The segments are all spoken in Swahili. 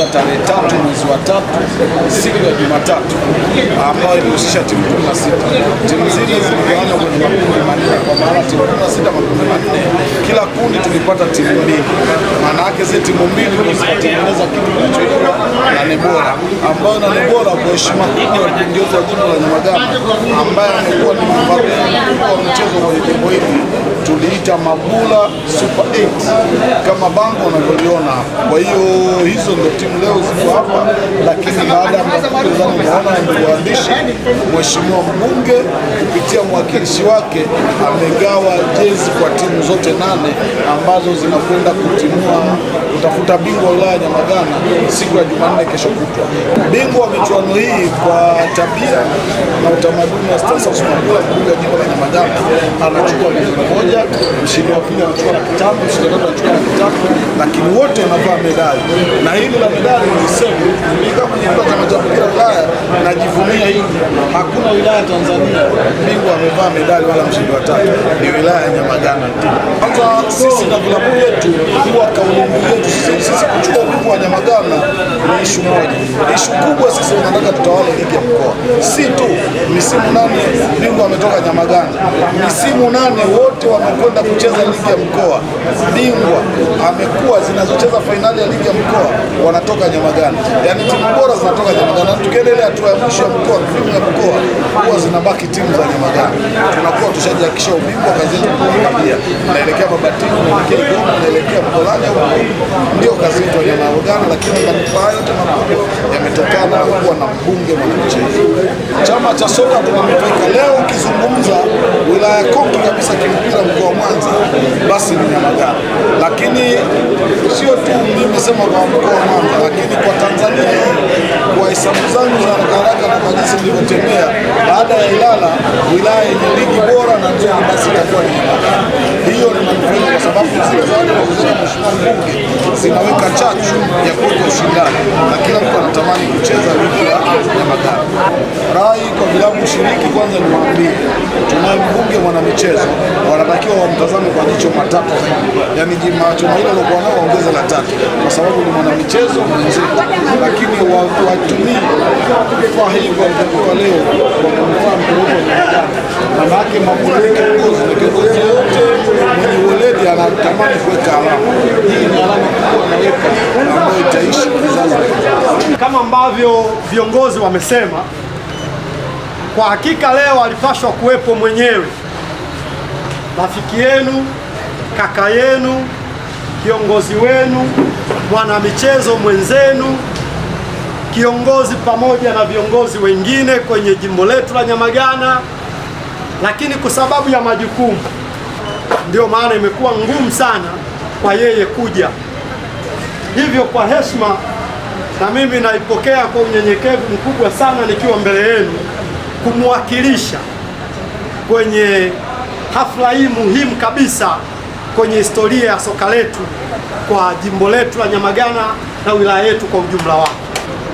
kuanza tarehe tatu mwezi wa tatu siku ya Jumatatu, ambayo imehusisha timu kumi na sita. Timu zile ziligawanywa kwenye makundi manne, kwa maana timu kumi na sita makundi manne, kila kundi tulipata timu mbili. Maana yake zile timu mbili ndio zikatengeneza kitu kinachoitwa nane bora, ambayo nane bora kwa heshima kubwa ya kuongeza jimbo la Nyamagana ambaye amekuwa ni mfadhili wa mchezo kwenye jimbo hili tuliita Mabula Super 8 kama bango unavyoliona. Kwa hiyo hizo ndio timu leo ziko hapa, lakini baada ya mapokuzano, unaona nduguandishi, mheshimiwa mbunge kupitia mwakilishi wake amegawa jezi kwa timu zote nane ambazo zinakwenda kutimua kutafuta bingwa wa wilaya ya Nyamagana siku ya Jumanne kesho kutwa. Bingwa wa michuano hii kwa tabia na utamaduni wa Stars Mabula kuja jimbo la Nyamagana anachukua milioni moja, mshindi wa pili anachukua laki tano, mshindi wa tatu anachukua laki tatu, lakini wote wanavaa medali. Na hili la medali nilisema kama kiungo chama cha mpira Ulaya najivunia hivi, hakuna wilaya Tanzania bingwa amevaa medali wala mshindi wa tatu, ni wilaya ya Nyamagana tu. Kwanza sisi na vilabu vyetu huwa kauli yetu sisi kuchukua ukubwa wa Nyamagana ni ishu moja. Ishu kubwa sisi tunataka tutawale ligi ya mkoa, si tu misimu nane bingwa ametoka Nyamagana, misimu nane wote wamekwenda kucheza ligi ya mkoa, bingwa amekuwa zinazocheza fainali ya ligi ya mkoa wanatoka Nyamagana, yaani timu bora zinatoka Nyamagana. Tukiendelea hatua ya mwisho ya mkoa, timu ya mkoa tunabaki timu za nyama gani, tunakuwa tushajihakikisha ubingwa. Kazi yetu kuangalia naelekea Babati, naelekea Igoma, naelekea Mkolani au ndio kazi yetu ya nyama Lakini manufaa yote makubwa yametokana na kuwa na mbunge mwanamchezo. Chama cha soka tunametoka leo, ukizungumza wilaya kongwe kabisa kimpira mkoa wa Mwanza basi ni nyama gani, lakini sio tu nimesema kwa mkoa wa Mwanza, lakini kwa Tanzania, kwa hesabu zangu za haraka haraka na kwa jinsi nilivyotembea baada ya Ilala wilaya yenye ligi bora na njema, basi itakuwa ni hiyo ni sababu zile mheshimiwa mbunge zinaweka chachu ya kuweka ushindani na kila mtu anatamani kucheza ligi ya magari. Rai kwa vilabu shiriki, kwanza ni waambie, tunaye mbunge mwana michezo, wanatakiwa wamtazame kwa jicho matatu zaidi, yaani jimacho na hilo lokuwa nao waongeze la tatu, kwa sababu ni mwana michezo mwenzetu, lakini watumii vifaa hivi walivyopewa leo kwa mtu mpeleko wa binadamu. Manake mamboleke kiongozi na kiongozi yote mwenye anatamani kuweka alama. Hii ni alama kubwa anaweka ambayo itaishi kama ambavyo viongozi wamesema. Kwa hakika leo alipashwa kuwepo mwenyewe, rafiki yenu, kaka yenu, kiongozi wenu, mwanamichezo mwenzenu, kiongozi pamoja na viongozi wengine kwenye jimbo letu la Nyamagana, lakini kwa sababu ya majukumu Ndiyo maana imekuwa ngumu sana kwa yeye kuja hivyo. Kwa heshima na mimi naipokea kwa unyenyekevu mkubwa sana nikiwa mbele yenu kumwakilisha kwenye hafla hii muhimu kabisa kwenye historia ya soka letu kwa jimbo letu la Nyamagana na wilaya yetu kwa ujumla wake.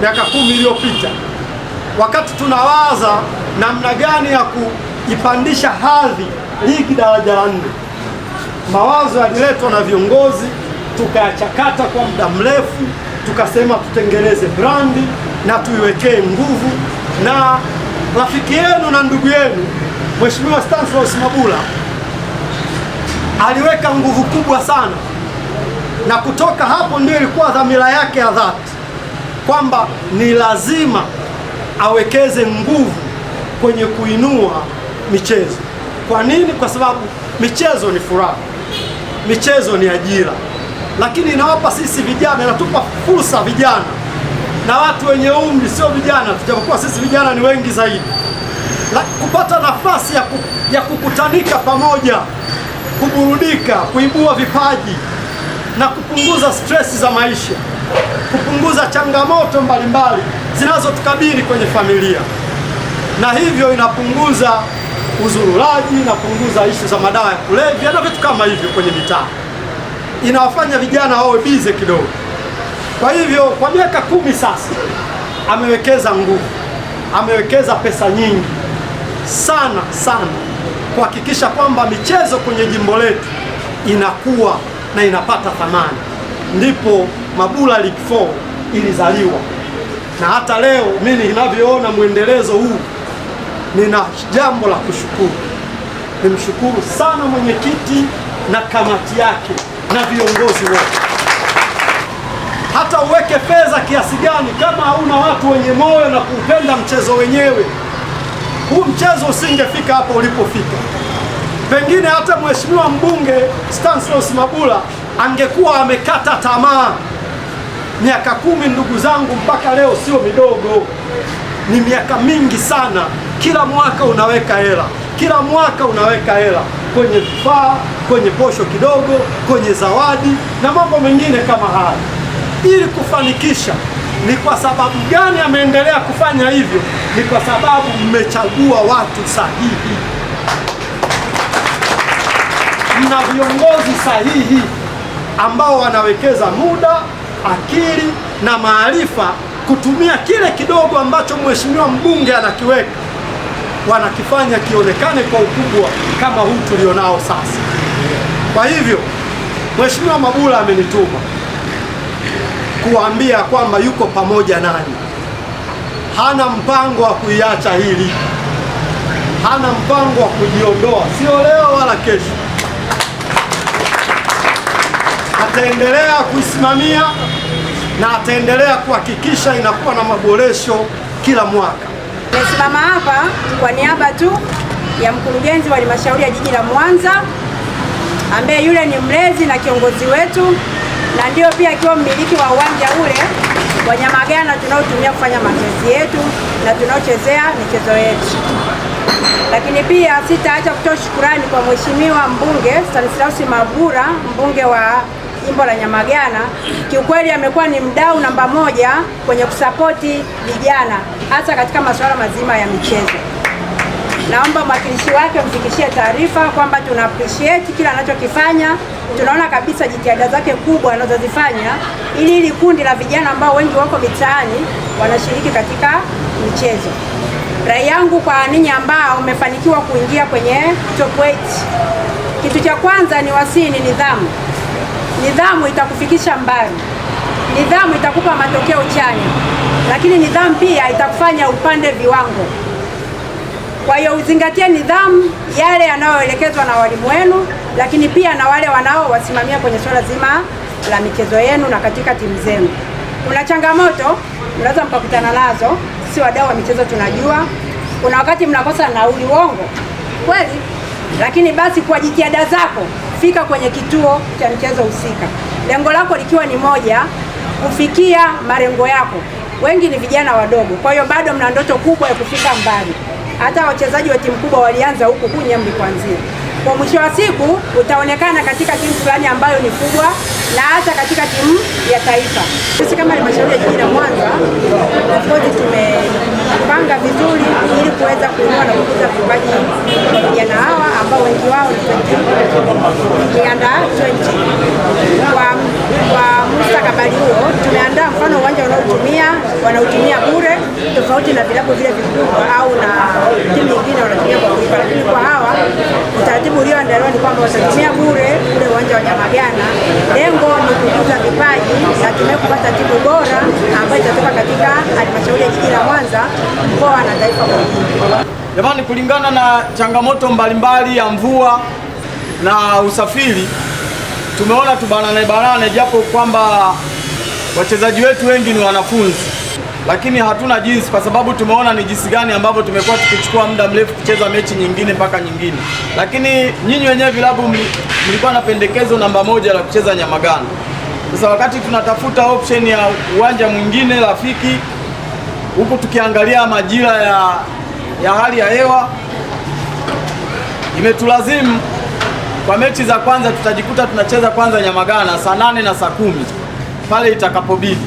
Miaka kumi iliyopita, wakati tunawaza namna gani ya kuipandisha hadhi ligi daraja la nne Mawazo yaliletwa na viongozi, tukayachakata kwa muda mrefu, tukasema tutengeneze brandi na tuiwekee nguvu. Na rafiki yenu na ndugu yenu Mheshimiwa Stanislaus Mabula aliweka nguvu kubwa sana, na kutoka hapo ndio ilikuwa dhamira yake ya dhati kwamba ni lazima awekeze nguvu kwenye kuinua michezo. Kwa nini? Kwa sababu michezo ni furaha michezo ni ajira, lakini inawapa sisi vijana, inatupa fursa vijana na watu wenye umri, sio vijana tujapokuwa sisi vijana ni wengi zaidi, la kupata nafasi ya, ku, ya kukutanika pamoja, kuburudika, kuibua vipaji na kupunguza stress za maisha, kupunguza changamoto mbalimbali zinazotukabili kwenye familia, na hivyo inapunguza uzurulaji na kupunguza ishu za madawa ya kulevya na vitu kama hivyo kwenye mitaa. Inawafanya vijana wawe bize kidogo. Kwa hivyo kwa miaka kumi sasa amewekeza nguvu, amewekeza pesa nyingi sana sana kuhakikisha kwamba michezo kwenye jimbo letu inakuwa na inapata thamani. Ndipo Mabula League 4 ilizaliwa, na hata leo mimi ninavyoona mwendelezo huu nina jambo la kushukuru. Nimshukuru sana mwenyekiti na kamati yake na viongozi wote. Hata uweke fedha kiasi gani, kama hauna watu wenye moyo na kuupenda mchezo wenyewe, huu mchezo usingefika hapa ulipofika. Pengine hata mheshimiwa mbunge Stanislaus Mabula angekuwa amekata tamaa. Miaka kumi, ndugu zangu, mpaka leo sio midogo, ni miaka mingi sana. Kila mwaka unaweka hela, kila mwaka unaweka hela kwenye vifaa, kwenye posho kidogo, kwenye zawadi na mambo mengine kama haya, ili kufanikisha. Ni kwa sababu gani ameendelea kufanya hivyo? Ni kwa sababu mmechagua watu sahihi, mna viongozi sahihi ambao wanawekeza muda, akili na maarifa kutumia kile kidogo ambacho mheshimiwa mbunge anakiweka wanakifanya kionekane kwa ukubwa kama huu tulionao sasa. Kwa hivyo Mheshimiwa Mabula amenituma kuambia kwamba yuko pamoja nani, hana mpango wa kuiacha hili, hana mpango wa kujiondoa, sio leo wala kesho, ataendelea kuisimamia na ataendelea kuhakikisha inakuwa na maboresho kila mwaka. Nimesimama hapa kwa niaba tu ya mkurugenzi wa halmashauri ya jiji la Mwanza ambaye yule ni mlezi na kiongozi wetu na ndio pia akiwa mmiliki wa uwanja ule wa Nyamagana tunaotumia kufanya mazoezi yetu na tunaochezea michezo yetu. Lakini pia sitaacha kutoa shukurani kwa Mheshimiwa mbunge Stanislaus Mabura, mbunge wa jimbo la Nyamagana, kiukweli amekuwa ni mdau namba moja kwenye kusapoti vijana hasa katika masuala mazima ya michezo. Naomba mwakilishi wake mfikishie taarifa kwamba tuna appreciate kila anachokifanya. Tunaona kabisa jitihada zake kubwa anazozifanya ili ili kundi la vijana ambao wengi wako mitaani wanashiriki katika michezo. Rai yangu kwa ninyi ambao umefanikiwa kuingia kwenye top 8, kitu cha kwanza ni wasini nidhamu. Nidhamu itakufikisha mbali, nidhamu itakupa matokeo chanya, lakini nidhamu pia itakufanya upande viwango. Kwa hiyo uzingatie nidhamu, yale yanayoelekezwa na walimu wenu, lakini pia na wale wanaowasimamia kwenye swala zima la michezo yenu na katika timu zenu. Kuna changamoto mnaweza mkakutana nazo, sisi wadau wa michezo tunajua. Kuna wakati mnakosa nauli, uongo kweli lakini basi kwa jitihada zako fika kwenye kituo cha mchezo husika, lengo lako likiwa ni moja, kufikia malengo yako. Wengi ni vijana wadogo, kwa hiyo bado mna ndoto kubwa ya kufika mbali. Hata wachezaji wa timu kubwa walianza huku Kunyambi kwanzia kwa mwisho wa siku utaonekana katika timu fulani ambayo ni kubwa na hata katika timu ya taifa. Sisi kama halmashauri ya jiji la Mwanza of tumepanga vizuri ili kuweza kuinua na kukuza vipaji kwa vijana hawa ambao wengi wao ni kianda 20 kwa kwa mustakabali huo tumeandaa mfano uwanja wanaotumia wanaotumia bure tofauti na vilabu vile vikubwa kwamba bure kule uwanja wa Nyamagana. Lengo ni kukuza vipaji na tume kupata timu bora ambayo itatoka katika halmashauri ya jiji la Mwanza, mkoa na taifa kwa ujumla. Jamani, kulingana na changamoto mbalimbali ya mvua na usafiri, tumeona tubanane banane, japo kwamba wachezaji wetu wengi ni wanafunzi lakini hatuna jinsi, kwa sababu tumeona ni jinsi gani ambavyo tumekuwa tukichukua muda mrefu kucheza mechi nyingine mpaka nyingine. Lakini nyinyi wenyewe vilabu mlikuwa na pendekezo namba moja la kucheza Nyamagana. Sasa wakati tunatafuta option ya uwanja mwingine rafiki, huku tukiangalia majira ya, ya hali ya hewa, imetulazimu kwa mechi za kwanza tutajikuta tunacheza kwanza Nyamagana saa nane na saa kumi pale itakapobidi.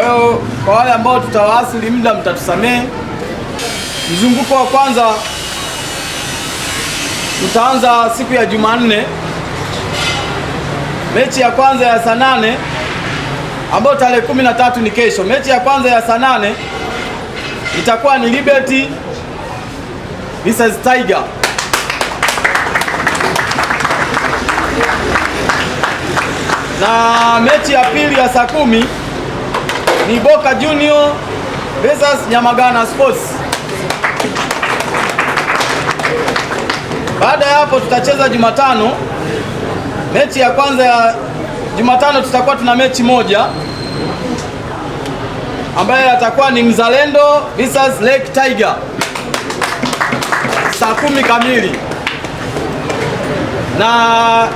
Kwa hiyo kwa wale ambao tutawaasili muda, mtatusamehe. Mzunguko wa kwanza utaanza siku ya Jumanne, mechi ya kwanza ya saa nane ambayo tarehe kumi na tatu ni kesho. Mechi ya kwanza ya saa nane itakuwa ni Liberty vs Tiger. Na mechi ya pili ya saa kumi ni Boca Junior versus Nyamagana Sports. Baada ya hapo tutacheza Jumatano. Mechi ya kwanza ya Jumatano tutakuwa tuna mechi moja ambayo atakuwa ni Mzalendo versus Lake Tiger saa kumi kamili, na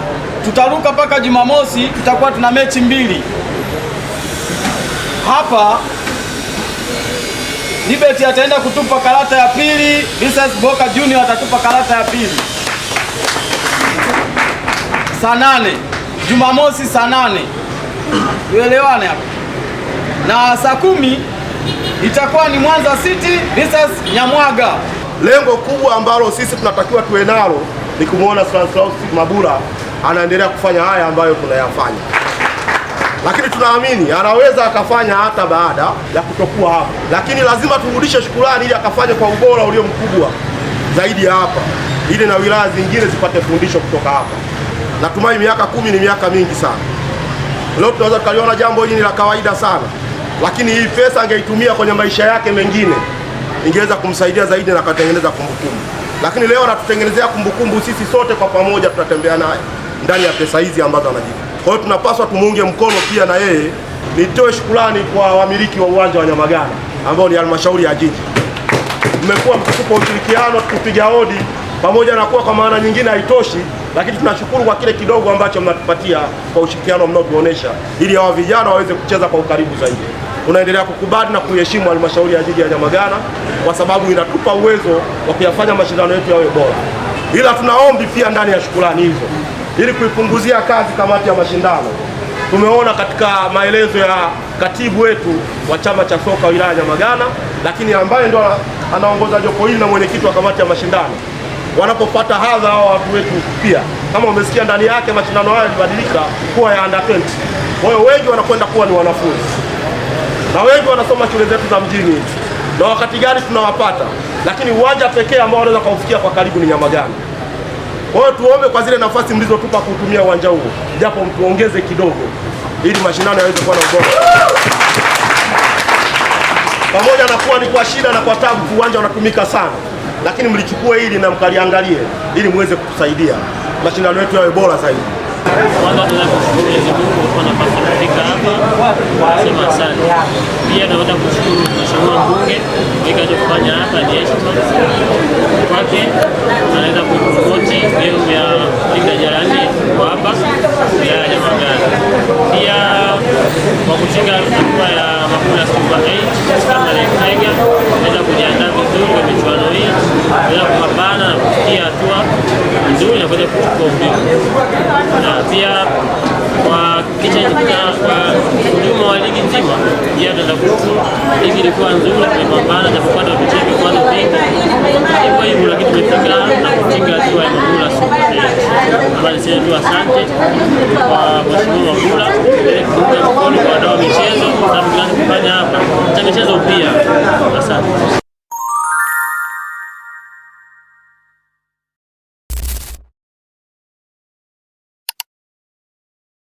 tutaruka mpaka Jumamosi, tutakuwa tuna mechi mbili hapa Libert ataenda kutupa karata ya pili, Visas Boka Junior atatupa karata ya pili saa nane Jumamosi saa nane tuelewane hapa, na saa kumi itakuwa ni Mwanza City Visas Nyamwaga. Lengo kubwa ambalo sisi tunatakiwa tuwe nalo ni kumwona Stanislaus Mabula anaendelea kufanya haya ambayo tunayafanya lakini tunaamini anaweza akafanya hata baada ya kutokuwa hapa, lakini lazima turudishe shukrani ili akafanye kwa ubora ulio mkubwa zaidi ya hapa, ili na wilaya zingine zipate fundisho kutoka hapa. Natumai miaka kumi ni miaka mingi sana. Leo tunaweza tukaliona jambo hili ni la kawaida sana, lakini hii pesa angeitumia kwenye maisha yake mengine, ingeweza kumsaidia zaidi na akatengeneza kumbukumbu. Lakini leo anatutengenezea kumbukumbu sisi sote kwa pamoja, tutatembea naye ndani ya pesa hizi ambazo anajipa. Kwa hiyo tunapaswa tumuunge mkono pia na yeye. Nitoe shukrani kwa wamiliki wa uwanja wa Nyamagana ambao ni halmashauri ya jiji, mmekuwa mkitupa ushirikiano, tukupiga hodi, pamoja na kuwa kwa maana nyingine haitoshi, lakini tunashukuru kwa kile kidogo ambacho mnatupatia kwa ushirikiano mnaotuonesha, ili hawa vijana waweze kucheza kwa ukaribu zaidi. Tunaendelea kukubali na kuheshimu halmashauri ya jiji ya Nyamagana kwa sababu inatupa uwezo wa kuyafanya mashindano yetu yawe bora, ila tunaombi pia ndani ya shukrani hizo ili kuipunguzia kazi kamati ya mashindano. Tumeona katika maelezo ya katibu wetu wa chama cha soka wilaya Nyamagana, lakini ambaye ndo anaongoza jopo hili na mwenyekiti wa kamati ya mashindano, wanapopata hadha hao watu wetu pia, kama umesikia ndani yake mashindano haya yalibadilika kuwa ya under 20. Kwa hiyo wengi wanakwenda kuwa ni wanafunzi na wengi wanasoma shule zetu za mjini na wakati gani tunawapata, lakini uwanja pekee ambao wanaweza kaufikia kwa karibu ni Nyamagana. Kwa hiyo tuombe kwa zile nafasi mlizotupa kutumia uwanja huo, japo mtuongeze kidogo ili mashindano yaweze kuwa na ubora. Pamoja na kuwa ni kwa shida na kwa tabu, uwanja unatumika sana, lakini mlichukue hili na mkaliangalie ili muweze kutusaidia mashindano yetu yawe bora zaidi. Kwanza tunakushukuru Mwenyezi Mungu kwa nafasi kufika hapa, asante. Pia kushukuru Mheshimiwa Mbunge, hapa ni heshima vutu hivi ilikuwa nzuri, tumepambana na kupata vitu vikwazo vingi, hivyo hivyo, lakini tumefika na kufika hatua ya Mabula Super Eight. Habari sasa tu, asante kwa mheshimiwa Mabula kuunga mkono kwa wadau wa michezo na kufanya hapa cha michezo pia, asante.